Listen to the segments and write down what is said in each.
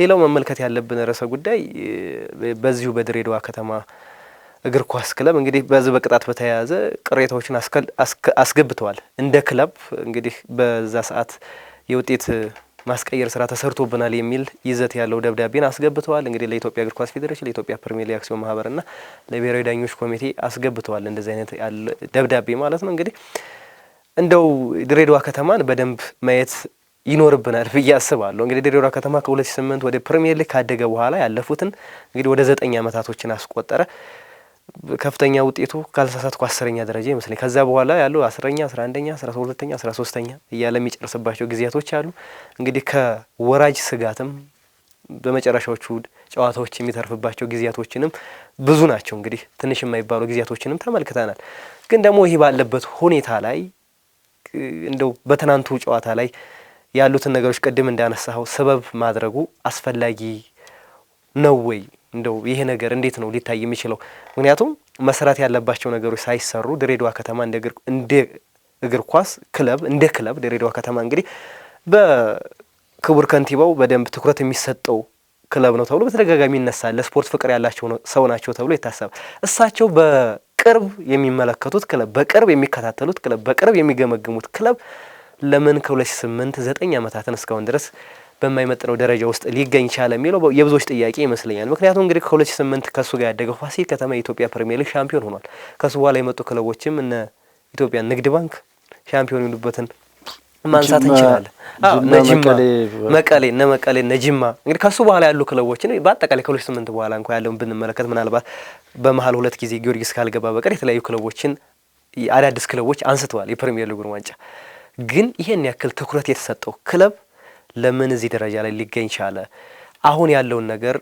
ሌላው መመልከት ያለብን ርዕሰ ጉዳይ በዚሁ በድሬዳዋ ከተማ እግር ኳስ ክለብ እንግዲህ በዚህ በቅጣት በተያያዘ ቅሬታዎችን አስገብተዋል። እንደ ክለብ እንግዲህ በዛ ሰዓት የውጤት ማስቀየር ስራ ተሰርቶብናል የሚል ይዘት ያለው ደብዳቤን አስገብተዋል። እንግዲህ ለኢትዮጵያ እግር ኳስ ፌዴሬሽን፣ ለኢትዮጵያ ፕሪሚየር ሊግ አክሲዮን ማህበርና ለብሔራዊ ዳኞች ኮሚቴ አስገብተዋል። እንደዚህ አይነት ያለ ደብዳቤ ማለት ነው። እንግዲህ እንደው ድሬዳዋ ከተማን በደንብ ማየት ይኖርብናል ብዬ አስባለሁ። እንግዲህ ድሬዳዋ ከተማ ከ2008 ወደ ፕሪሚየር ሊግ ካደገ በኋላ ያለፉትን እንግዲህ ወደ ዘጠኝ ዓመታቶችን አስቆጠረ። ከፍተኛ ውጤቱ ካልተሳሳትኩ አስረኛ ደረጃ ይመስለኝ። ከዛ በኋላ ያለው አስረኛ፣ አስራ አንደኛ፣ አስራ ሁለተኛ፣ አስራ ሶስተኛ እያለ የሚጨርስባቸው ጊዜያቶች አሉ። እንግዲህ ከወራጅ ስጋትም በመጨረሻዎቹ ጨዋታዎች የሚተርፍባቸው ጊዜያቶችንም ብዙ ናቸው። እንግዲህ ትንሽ የማይባሉ ጊዜያቶችንም ተመልክተናል። ግን ደግሞ ይህ ባለበት ሁኔታ ላይ እንደው በትናንቱ ጨዋታ ላይ ያሉትን ነገሮች ቅድም እንዳነሳኸው ሰበብ ማድረጉ አስፈላጊ ነው ወይ? እንደው ይሄ ነገር እንዴት ነው ሊታይ የሚችለው? ምክንያቱም መሰራት ያለባቸው ነገሮች ሳይሰሩ ድሬዳዋ ከተማ እንደ እግር ኳስ ክለብ እንደ ክለብ ድሬዳዋ ከተማ እንግዲህ በክቡር ከንቲባው በደንብ ትኩረት የሚሰጠው ክለብ ነው ተብሎ በተደጋጋሚ ይነሳል። ለስፖርት ፍቅር ያላቸው ሰው ናቸው ተብሎ ይታሰባል። እሳቸው በቅርብ የሚመለከቱት ክለብ፣ በቅርብ የሚከታተሉት ክለብ፣ በቅርብ የሚገመግሙት ክለብ ለምን ከ2008 ዘጠኝ ዓመታትን እስካሁን ድረስ በማይመጥነው ደረጃ ውስጥ ሊገኝ ቻለ የሚለው የብዙዎች ጥያቄ ይመስለኛል። ምክንያቱም እንግዲህ ከ2008 ከሱ ጋር ያደገው ፋሲል ከተማ የኢትዮጵያ ፕሪሚየር ሊግ ሻምፒዮን ሆኗል። ከሱ በኋላ የመጡ ክለቦችም እነ ኢትዮጵያ ንግድ ባንክ ሻምፒዮን የሆኑበትን ማንሳት እንችላለን። ነጅማ፣ መቀሌ እነ መቀሌ ነጅማ እንግዲህ ከሱ በኋላ ያሉ ክለቦችን በአጠቃላይ ከሁለት ስምንት በኋላ እንኳ ያለውን ብንመለከት ምናልባት በመሀል ሁለት ጊዜ ጊዮርጊስ ካልገባ በቀር የተለያዩ ክለቦችን አዳዲስ ክለቦች አንስተዋል የፕሪሚየር ሊጉን ዋንጫ ግን ይሄን ያክል ትኩረት የተሰጠው ክለብ ለምን እዚህ ደረጃ ላይ ሊገኝ ቻለ? አሁን ያለውን ነገር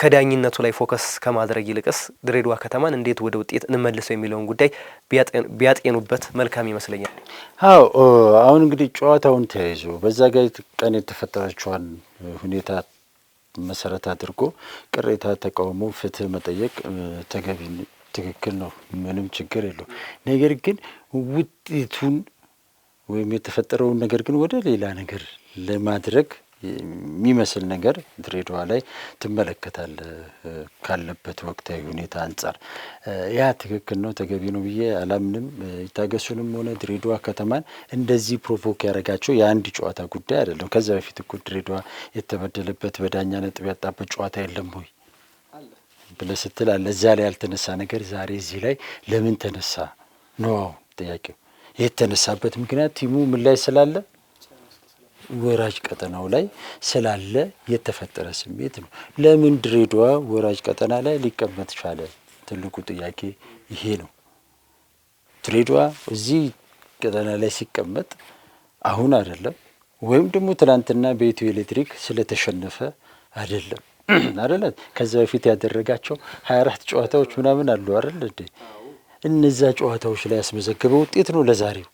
ከዳኝነቱ ላይ ፎከስ ከማድረግ ይልቅስ ድሬዳዋ ከተማን እንዴት ወደ ውጤት እንመልሰው የሚለውን ጉዳይ ቢያጤኑበት መልካም ይመስለኛል። አዎ አሁን እንግዲህ ጨዋታውን ተያይዞ በዛ ቀን የተፈጠረችዋን ሁኔታ መሰረት አድርጎ ቅሬታ፣ ተቃውሞ፣ ፍትህ መጠየቅ ተገቢ ትክክል ነው። ምንም ችግር የለው። ነገር ግን ውጤቱን ወይም የተፈጠረውን ነገር ግን ወደ ሌላ ነገር ለማድረግ የሚመስል ነገር ድሬዳዋ ላይ ትመለከታል። ካለበት ወቅታዊ ሁኔታ አንጻር። ያ ትክክል ነው ተገቢ ነው ብዬ አላምንም። ይታገሱንም ሆነ ድሬዳዋ ከተማን እንደዚህ ፕሮቮክ ያደረጋቸው የአንድ ጨዋታ ጉዳይ አይደለም። ከዚያ በፊት እኮ ድሬዳዋ የተበደለበት በዳኛ ነጥብ ያጣበት ጨዋታ የለም ወይ ብለህ ስትል አለ። እዚያ ላይ ያልተነሳ ነገር ዛሬ እዚህ ላይ ለምን ተነሳ ነው ጥያቄው። የተነሳበት ምክንያት ቲሙ ምን ላይ ስላለ ወራጅ ቀጠናው ላይ ስላለ የተፈጠረ ስሜት ነው። ለምን ድሬዳዋ ወራጅ ቀጠና ላይ ሊቀመጥ ቻለ? ትልቁ ጥያቄ ይሄ ነው። ድሬዳዋ እዚህ ቀጠና ላይ ሲቀመጥ አሁን አይደለም፣ ወይም ደግሞ ትናንትና በኢትዮ ኤሌክትሪክ ስለተሸነፈ አይደለም። አይደለ ከዚ በፊት ያደረጋቸው ሀያ አራት ጨዋታዎች ምናምን አሉ አይደል እንዴ እነዛ ጨዋታዎች ላይ ያስመዘገበ ውጤት ነው ለዛሬው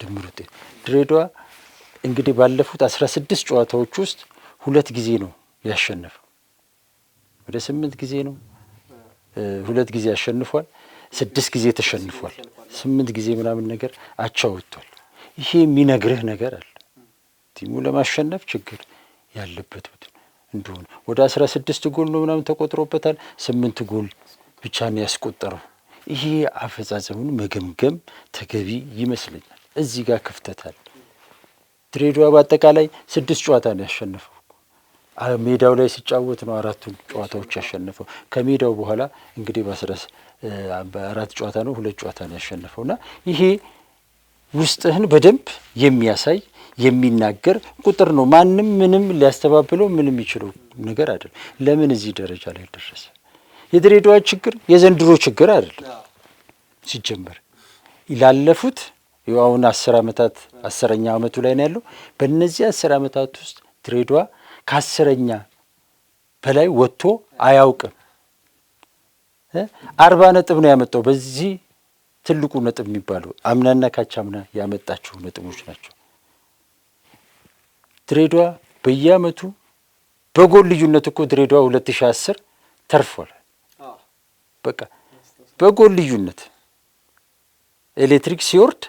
ድምር ውጤት። ድሬዳዋ እንግዲህ ባለፉት አስራ ስድስት ጨዋታዎች ውስጥ ሁለት ጊዜ ነው ያሸነፈው። ወደ ስምንት ጊዜ ነው ሁለት ጊዜ ያሸንፏል፣ ስድስት ጊዜ ተሸንፏል፣ ስምንት ጊዜ ምናምን ነገር አቻ ወጥቷል። ይሄ የሚነግርህ ነገር አለ ቲሙ ለማሸነፍ ችግር ያለበት ቡድን እንደሆነ ወደ አስራ ስድስት ጎል ነው ምናምን ተቆጥሮበታል። ስምንት ጎል ብቻ ነው ያስቆጠረው ይሄ አፈጻጸሙን መገምገም ተገቢ ይመስለኛል። እዚህ ጋር ክፍተት አለ። ድሬዳዋ በአጠቃላይ ስድስት ጨዋታ ነው ያሸነፈው። ሜዳው ላይ ሲጫወት ነው አራቱን ጨዋታዎች ያሸነፈው። ከሜዳው በኋላ እንግዲህ በአራት ጨዋታ ነው ሁለት ጨዋታ ነው ያሸነፈው እና ይሄ ውስጥህን በደንብ የሚያሳይ የሚናገር ቁጥር ነው። ማንም ምንም ሊያስተባብለው ምንም የሚችለው ነገር አይደለም። ለምን እዚህ ደረጃ ላይ ደረሰ? የድሬዳዋ ችግር የዘንድሮ ችግር አይደለም። ሲጀመር ላለፉት አሁን አስር ዓመታት አስረኛ ዓመቱ ላይ ነው ያለው። በእነዚህ አስር ዓመታት ውስጥ ድሬዳዋ ከአስረኛ በላይ ወጥቶ አያውቅም። አርባ ነጥብ ነው ያመጣው። በዚህ ትልቁ ነጥብ የሚባለው አምናና ካቻምና ያመጣቸው ነጥቦች ናቸው። ድሬዷ በየዓመቱ በጎል ልዩነት እኮ ድሬዳዋ 2010 ተርፏል። በቃ በጎል ልዩነት ኤሌክትሪክ ሲወርድ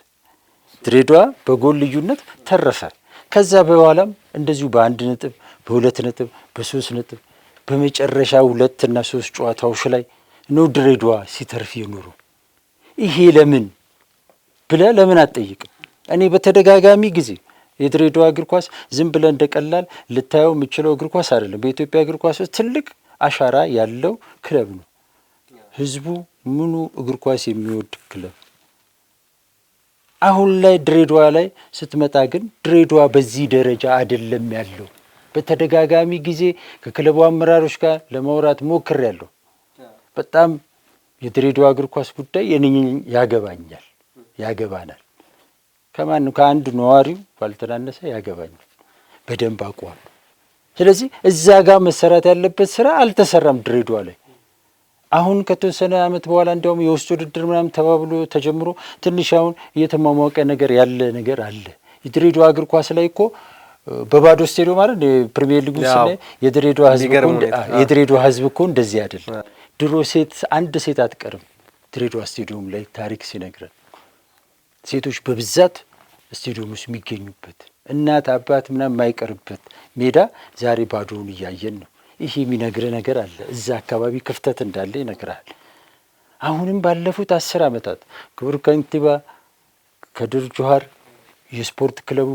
ድሬዳዋ በጎል ልዩነት ተረፈ። ከዛ በኋላም እንደዚሁ በአንድ ነጥብ፣ በሁለት ነጥብ፣ በሶስት ነጥብ በመጨረሻ ሁለትና ሶስት ጨዋታዎች ላይ ነው ድሬዳዋ ሲተርፍ የኖሩ። ይሄ ለምን ብለ ለምን አትጠይቅም? እኔ በተደጋጋሚ ጊዜ የድሬዳዋ እግር ኳስ ዝም ብለ እንደቀላል ልታየው የምችለው እግር ኳስ አይደለም። በኢትዮጵያ እግር ኳስ ውስጥ ትልቅ አሻራ ያለው ክለብ ነው። ህዝቡ ምኑ እግር ኳስ የሚወድ ክለብ አሁን ላይ ድሬዳዋ ላይ ስትመጣ ግን ድሬዳዋ በዚህ ደረጃ አይደለም ያለው። በተደጋጋሚ ጊዜ ከክለቡ አመራሮች ጋር ለማውራት ያለው በጣም የድሬዳዋ እግር ኳስ ጉዳይ የኔን ያገባኛል፣ ያገባናል። ከማን ከአንድ ነዋሪው ባልተናነሰ ያገባኛል፣ በደንብ አቋም ስለዚህ እዛ ጋር መሰራት ያለበት ስራ አልተሰራም ድሬዳዋ ላይ አሁን ከተወሰነ ዓመት በኋላ እንዲያውም የውስጥ ውድድር ምናምን ተባብሎ ተጀምሮ ትንሽ አሁን እየተሟሟቀ ነገር ያለ ነገር አለ። የድሬዳዋ እግር ኳስ ላይ እኮ በባዶ ስቴዲዮ ማለት ፕሪሚየር ሊጉ ስናይ የድሬዳዋ ህዝብ እኮ እንደዚህ አይደለም። ድሮ ሴት አንድ ሴት አትቀርም ድሬዳዋ ስቴዲዮም ላይ ታሪክ ሲነግረን ሴቶች በብዛት ስቴዲዮም ውስጥ የሚገኙበት እናት አባት ምናምን የማይቀርበት ሜዳ ዛሬ ባዶውን እያየን ነው። ይሄ የሚነግር ነገር አለ። እዛ አካባቢ ክፍተት እንዳለ ይነግራል። አሁንም ባለፉት አስር ዓመታት ክቡር ከንቲባ ከድር ጁሃር የስፖርት ክለቡ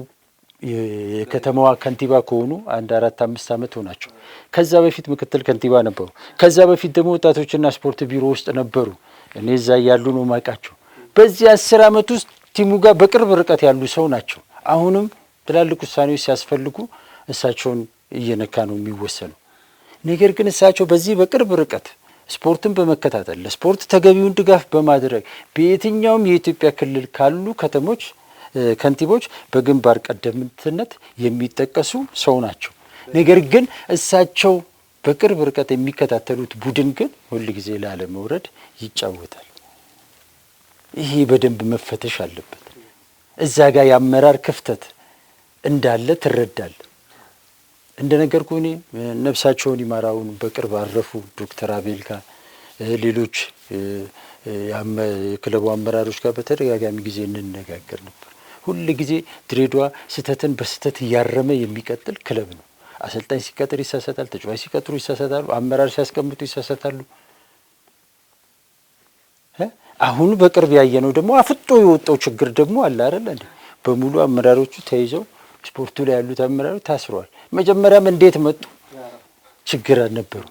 የከተማዋ ከንቲባ ከሆኑ አንድ አራት አምስት ዓመት ሆናቸው። ከዛ በፊት ምክትል ከንቲባ ነበሩ። ከዛ በፊት ደግሞ ወጣቶችና ስፖርት ቢሮ ውስጥ ነበሩ። እኔ እዛ ያሉ ነው ማውቃቸው። በዚህ አስር ዓመት ውስጥ ቲሙ ጋር በቅርብ ርቀት ያሉ ሰው ናቸው። አሁንም ትላልቅ ውሳኔዎች ሲያስፈልጉ እሳቸውን እየነካ ነው የሚወሰኑ። ነገር ግን እሳቸው በዚህ በቅርብ ርቀት ስፖርትን በመከታተል ለስፖርት ተገቢውን ድጋፍ በማድረግ በየትኛውም የኢትዮጵያ ክልል ካሉ ከተሞች ከንቲቦች በግንባር ቀደምትነት የሚጠቀሱ ሰው ናቸው። ነገር ግን እሳቸው በቅርብ ርቀት የሚከታተሉት ቡድን ግን ሁልጊዜ ላለመውረድ ይጫወታል። ይሄ በደንብ መፈተሽ አለበት። እዛ ጋር የአመራር ክፍተት እንዳለ ትረዳል? እንደነገርኩ እኔ ነፍሳቸውን ይማራውን በቅርብ አረፉ ዶክተር አቤል ጋር ሌሎች የክለቡ አመራሮች ጋር በተደጋጋሚ ጊዜ እንነጋገር ነበር። ሁል ጊዜ ድሬዳዋ ስህተትን በስህተት እያረመ የሚቀጥል ክለብ ነው። አሰልጣኝ ሲቀጥር ይሳሳታል፣ ተጫዋች ሲቀጥሩ ይሳሳታሉ፣ አመራር ሲያስቀምጡ ይሳሳታሉ። አሁኑ በቅርብ ያየነው ደግሞ አፍጦ የወጣው ችግር ደግሞ አለ አይደል? በሙሉ አመራሮቹ ተይዘው ስፖርቱ ላይ ያሉት አመራሮች ታስረዋል። መጀመሪያም እንዴት መጡ ችግር አልነበሩ።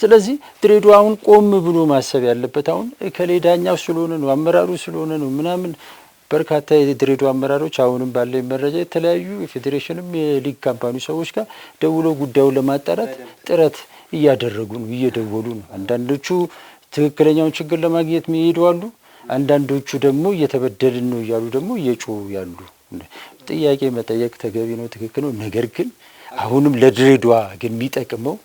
ስለዚህ ድሬዳዋ አሁን ቆም ብሎ ማሰብ ያለበት አሁን እከሌ ዳኛው ስለሆነ ነው አመራሩ ስለሆነ ነው ምናምን በርካታ የድሬዳዋ አመራሮች አሁንም ባለኝ መረጃ የተለያዩ የፌዴሬሽንም የሊግ ካምፓኒ ሰዎች ጋር ደውሎ ጉዳዩን ለማጣራት ጥረት እያደረጉ ነው፣ እየደወሉ ነው። አንዳንዶቹ ትክክለኛውን ችግር ለማግኘት የሚሄዱ አሉ። አንዳንዶቹ ደግሞ እየተበደልን ነው እያሉ ደግሞ እየጮሁ ያሉ ጥያቄ መጠየቅ ተገቢ ነው፣ ትክክል ነው። ነገር ግን አሁንም ለድሬዳዋ ግን የሚጠቅመው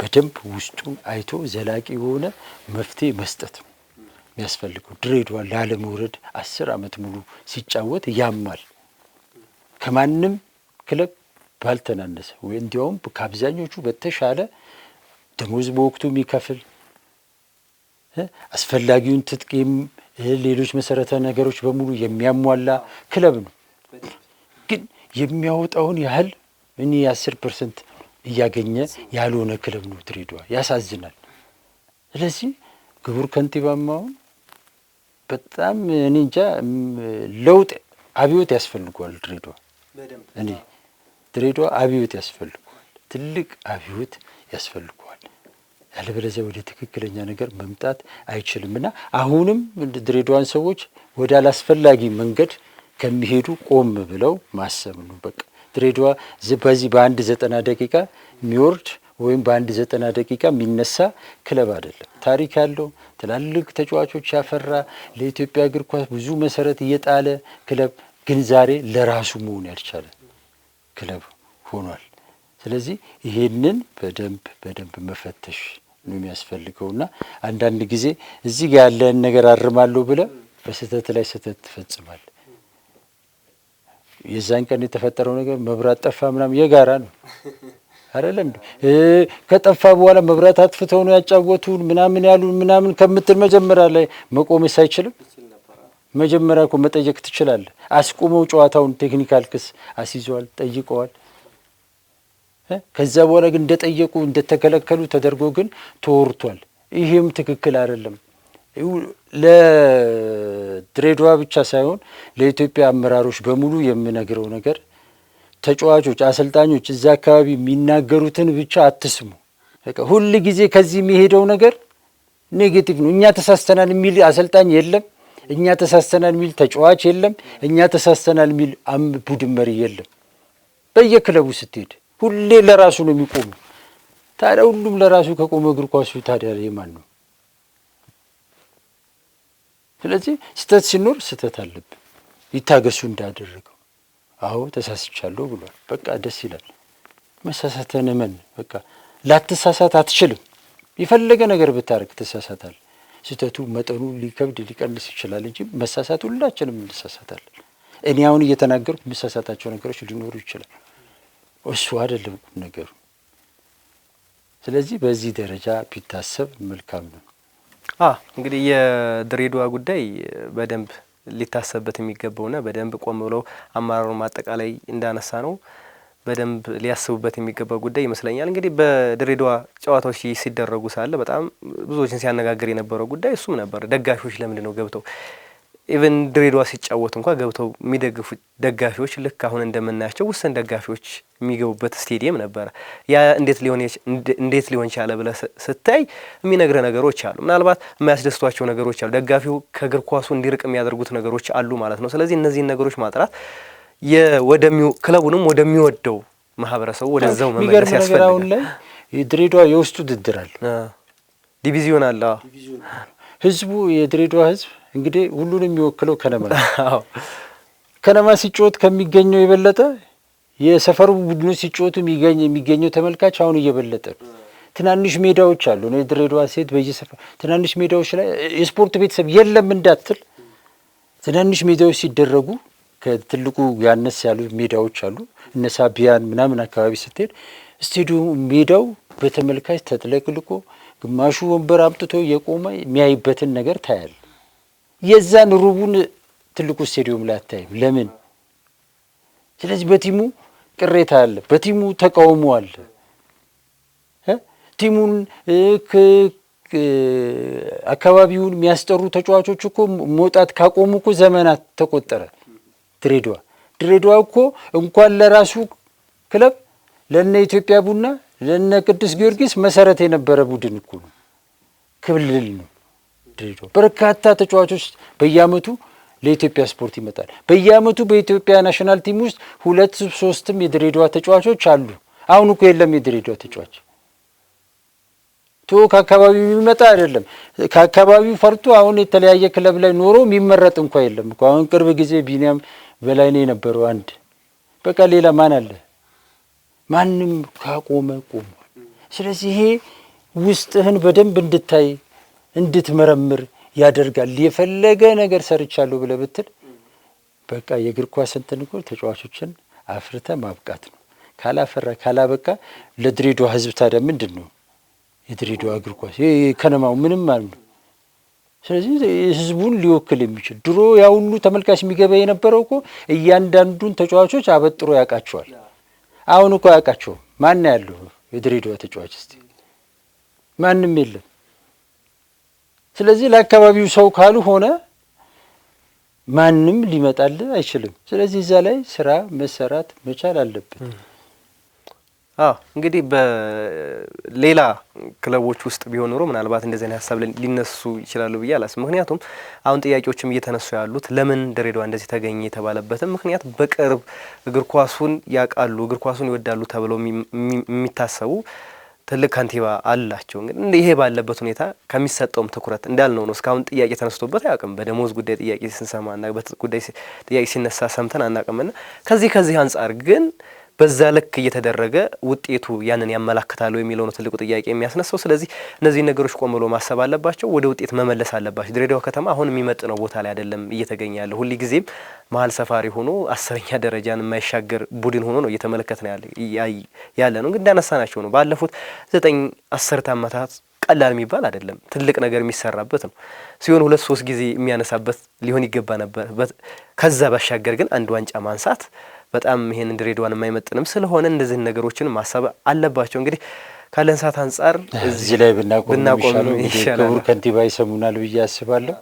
በደንብ ውስጡን አይቶ ዘላቂ የሆነ መፍትሄ መስጠት ነው የሚያስፈልገው። ድሬዳዋ ላለመውረድ አስር ዓመት ሙሉ ሲጫወት ያማል። ከማንም ክለብ ባልተናነሰ ወይ እንዲያውም ከአብዛኞቹ በተሻለ ደሞዝ በወቅቱ የሚከፍል አስፈላጊውን ትጥቅ ሌሎች መሰረተ ነገሮች በሙሉ የሚያሟላ ክለብ ነው። ግን የሚያወጣውን ያህል እኔ የአስር ፐርሰንት እያገኘ ያልሆነ ክለብ ነው ድሬዳዋ። ያሳዝናል። ስለዚህ ግቡር ከንቲባማውን በጣም እኔ እንጃ ለውጥ አብዮት ያስፈልገዋል ድሬዳዋ። እኔ ድሬዳዋ አብዮት ያስፈልገዋል፣ ትልቅ አብዮት ያስፈልገዋል። ያለበለዚያ ወደ ትክክለኛ ነገር መምጣት አይችልም እና አሁንም ድሬዳዋን ሰዎች ወደ አላስፈላጊ መንገድ ከሚሄዱ ቆም ብለው ማሰብ ነው። በቃ ድሬዳዋ በዚህ በአንድ ዘጠና ደቂቃ የሚወርድ ወይም በአንድ ዘጠና ደቂቃ የሚነሳ ክለብ አይደለም። ታሪክ ያለው ትላልቅ ተጫዋቾች ያፈራ ለኢትዮጵያ እግር ኳስ ብዙ መሰረት እየጣለ ክለብ ግን ዛሬ ለራሱ መሆን ያልቻለ ክለብ ሆኗል። ስለዚህ ይሄንን በደንብ በደንብ መፈተሽ ነው የሚያስፈልገውና አንዳንድ ጊዜ እዚህ ጋር ያለህን ነገር አርማለሁ ብለህ በስህተት ላይ ስህተት ትፈጽማል። የዛን ቀን የተፈጠረው ነገር መብራት ጠፋ ምናምን የጋራ ነው አይደለም። ከጠፋ በኋላ መብራት አጥፍተው ነው ያጫወቱን ምናምን ያሉን ምናምን ከምትል መጀመሪያ ላይ መቆምስ አይችልም። መጀመሪያ እኮ መጠየቅ ትችላለህ። አስቁመው ጨዋታውን ቴክኒካል ክስ አስይዘዋል፣ ጠይቀዋል ከዛ በኋላ ግን እንደጠየቁ እንደተከለከሉ ተደርጎ ግን ተወርቷል። ይህም ትክክል አይደለም። ለድሬዳዋ ብቻ ሳይሆን ለኢትዮጵያ አመራሮች በሙሉ የምነግረው ነገር ተጫዋቾች፣ አሰልጣኞች እዛ አካባቢ የሚናገሩትን ብቻ አትስሙ። ሁል ጊዜ ከዚህ የሚሄደው ነገር ኔጌቲቭ ነው። እኛ ተሳስተናል የሚል አሰልጣኝ የለም። እኛ ተሳስተናል የሚል ተጫዋች የለም። እኛ ተሳስተናል የሚል ቡድን መሪ የለም። በየክለቡ ስትሄድ ሁሌ ለራሱ ነው የሚቆሙ። ታዲያ ሁሉም ለራሱ ከቆመ እግር ኳሱ ታዲያ የማን ነው? ስለዚህ ስህተት ሲኖር ስህተት አለብን። ይታገሱ እንዳደረገው አዎ ተሳስቻለሁ ብሏል። በቃ ደስ ይላል። መሳሳተን መን በቃ ላትሳሳት አትችልም። የፈለገ ነገር ብታረግ ትሳሳታል። ስህተቱ መጠኑ ሊከብድ ሊቀንስ ይችላል እንጂ መሳሳት ሁላችንም እንሳሳታለን። እኔ አሁን እየተናገርኩ የምሳሳታቸው ነገሮች ሊኖሩ ይችላል። እሱ አይደለም ቁም ነገሩ። ስለዚህ በዚህ ደረጃ ቢታሰብ መልካም ነው። እንግዲህ የድሬዳዋ ጉዳይ በደንብ ሊታሰብበት የሚገባውና በደንብ ቆም ብለው አመራሩን ማጠቃላይ እንዳነሳ ነው በደንብ ሊያስቡበት የሚገባ ጉዳይ ይመስለኛል። እንግዲህ በድሬዳዋ ጨዋታዎች ሲደረጉ ሳለ በጣም ብዙዎችን ሲያነጋግር የነበረው ጉዳይ እሱም ነበር። ደጋሾች ለምንድን ነው ገብተው ኢቨን ድሬዳዋ ሲጫወት እንኳ ገብተው የሚደግፉ ደጋፊዎች ልክ አሁን እንደምናያቸው ውስን ደጋፊዎች የሚገቡበት ስቴዲየም ነበረ። ያ እንዴት ሊሆን ቻለ ብለ ስታይ የሚነግረ ነገሮች አሉ። ምናልባት የማያስደስቷቸው ነገሮች አሉ። ደጋፊው ከእግር ኳሱ እንዲርቅ የሚያደርጉት ነገሮች አሉ ማለት ነው። ስለዚህ እነዚህን ነገሮች ማጥራት ክለቡንም ወደሚወደው ማህበረሰቡ ወደዛው መመለስ ያስፈልጋል። ድሬዳዋ የውስጥ ውድድር አለ፣ ዲቪዚዮን አለ። ህዝቡ የድሬዳዋ ህዝብ እንግዲህ ሁሉን የሚወክለው ከነማ ከነማ ሲጫወት ከሚገኘው የበለጠ የሰፈሩ ቡድኖች ሲጫወቱ የሚገኘው ተመልካች አሁን እየበለጠ ነው። ትናንሽ ሜዳዎች አሉ። ድሬዳዋ ሴት በየሰፈ ትናንሽ ሜዳዎች ላይ የስፖርት ቤተሰብ የለም እንዳትል፣ ትናንሽ ሜዳዎች ሲደረጉ ከትልቁ ያነስ ያሉ ሜዳዎች አሉ። እነ ሳቢያን ምናምን አካባቢ ስትሄድ ስቴዲየሙ ሜዳው በተመልካች ተጥለቅልቆ ግማሹ ወንበር አምጥቶ የቆመ የሚያይበትን ነገር ታያለ። የዛን ሩቡን ትልቁ ስቴዲዮም ላይ አታይም። ለምን? ስለዚህ በቲሙ ቅሬታ አለ፣ በቲሙ ተቃውሞ አለ። ቲሙን አካባቢውን የሚያስጠሩ ተጫዋቾች እኮ መውጣት ካቆሙ እኮ ዘመናት ተቆጠረ። ድሬዳዋ ድሬዳዋ እኮ እንኳን ለራሱ ክለብ ለነ ኢትዮጵያ ቡና ለነ ቅዱስ ጊዮርጊስ መሰረት የነበረ ቡድን እኮ ነው፣ ክልል ነው። ድሬዳዋ በርካታ ተጫዋቾች በየአመቱ ለኢትዮጵያ ስፖርት ይመጣል። በየአመቱ በኢትዮጵያ ናሽናል ቲም ውስጥ ሁለት ሶስትም የድሬዳዋ ተጫዋቾች አሉ። አሁን እኮ የለም የድሬዳዋ ተጫዋች ቶ ከአካባቢው የሚመጣ አይደለም። ከአካባቢው ፈርቶ አሁን የተለያየ ክለብ ላይ ኖሮ የሚመረጥ እንኳ የለም እኮ። አሁን ቅርብ ጊዜ ቢኒያም ነው የነበረው አንድ በቃ ሌላ ማን አለ? ማንም ካቆመ ቆሟል። ስለዚህ ይሄ ውስጥህን በደንብ እንድታይ እንድትመረምር ያደርጋል። የፈለገ ነገር ሰርቻለሁ ብለህ ብትል በቃ የእግር ኳስ እንትን እኮ ተጫዋቾችን አፍርተ ማብቃት ነው። ካላፈራ ካላበቃ ለድሬዳዋ ህዝብ ታዲያ ምንድን ነው? የድሬዳዋ እግር ኳስ ከነማው ምንም ማለት ነው። ስለዚህ ህዝቡን ሊወክል የሚችል ድሮ ያ ሁሉ ተመልካች የሚገባ የነበረው እኮ እያንዳንዱን ተጫዋቾች አበጥሮ ያውቃቸዋል። አሁን እኮ አያውቃቸውም። ማን ያለው የድሬዳዋ ተጫዋች እስቲ ማንም የለም። ስለዚህ ለአካባቢው ሰው ካልሆነ ማንም ሊመጣል አይችልም። ስለዚህ እዛ ላይ ስራ መሰራት መቻል አለብን። እንግዲህ በሌላ ክለቦች ውስጥ ቢሆን ኖሮ ምናልባት እንደዚህ አይነት ሀሳብ ሊነሱ ይችላሉ ብዬ አላስብም። ምክንያቱም አሁን ጥያቄዎችም እየተነሱ ያሉት ለምን ድሬዳዋ እንደዚህ ተገኘ የተባለበትም ምክንያት በቅርብ እግር ኳሱን ያውቃሉ፣ እግር ኳሱን ይወዳሉ ተብለው የሚታሰቡ ትልቅ ከንቲባ አላቸው። እንግዲህ ይሄ ባለበት ሁኔታ ከሚሰጠውም ትኩረት እንዳልነው ነው። እስካሁን ጥያቄ ተነስቶበት አያውቅም። በደሞዝ ጉዳይ ጥያቄ ስንሰማ እና ጉዳይ ጥያቄ ሲነሳ ሰምተን አናውቅምና ከዚህ ከዚህ አንጻር ግን በዛ ልክ እየተደረገ ውጤቱ ያንን ያመላክታሉ የሚለው ነው ትልቁ ጥያቄ የሚያስነሳው። ስለዚህ እነዚህ ነገሮች ቆም ብሎ ማሰብ አለባቸው፣ ወደ ውጤት መመለስ አለባቸው። ድሬዳዋ ከተማ አሁን የሚመጥነው ቦታ ላይ አይደለም እየተገኘ ያለ። ጊዜም መሀል ሰፋሪ ሆኖ አስረኛ ደረጃን የማይሻገር ቡድን ሆኖ ነው እየተመለከት ነው ያለ ነው። ግን እንዳነሳናቸው ነው ባለፉት ዘጠኝ አስርት ዓመታት ቀላል የሚባል አይደለም። ትልቅ ነገር የሚሰራበት ነው ሲሆን ሁለት ሶስት ጊዜ የሚያነሳበት ሊሆን ይገባ ነበር። ከዛ ባሻገር ግን አንድ ዋንጫ ማንሳት በጣም ይሄን ድሬዳዋን የማይመጥንም ስለሆነ እንደዚህ ነገሮችን ማሰብ አለባቸው። እንግዲህ ካለን ሰዓት አንጻር እዚህ ላይ ብናቆም ይሻላል። ክቡር ከንቲባ ይሰሙናል ብዬ አስባለሁ።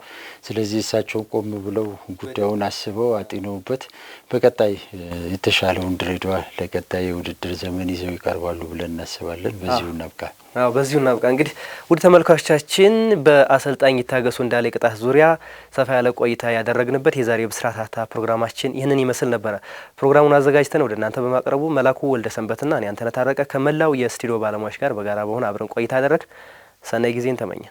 ስለዚህ እሳቸውን ቆም ብለው ጉዳዩን አስበው አጢነውበት በቀጣይ የተሻለውን ድሬዳዋ ለቀጣይ የውድድር ዘመን ይዘው ይቀርባሉ ብለን እናስባለን። በዚሁ እናብቃ። አዎ በዚሁ እናብቃ። እንግዲህ ውድ ተመልካቾቻችን በአሰልጣኝ ይታገሱ እንዳለ ቅጣት ዙሪያ ሰፋ ያለ ቆይታ ያደረግንበት የዛሬ ብስራት ሀተታ ፕሮግራማችን ይህንን ይመስል ነበረ። ፕሮግራሙን አዘጋጅተን ወደ እናንተ በማቅረቡ መላኩ ወልደሰንበትና እኔ አንተነህ ታረቀ ከመላው የስቱዲዮ ባለሙያዎች ጋር በጋራ በሆነ አብረን ቆይታ ያደረግ ሰናይ ጊዜን ተመኘ።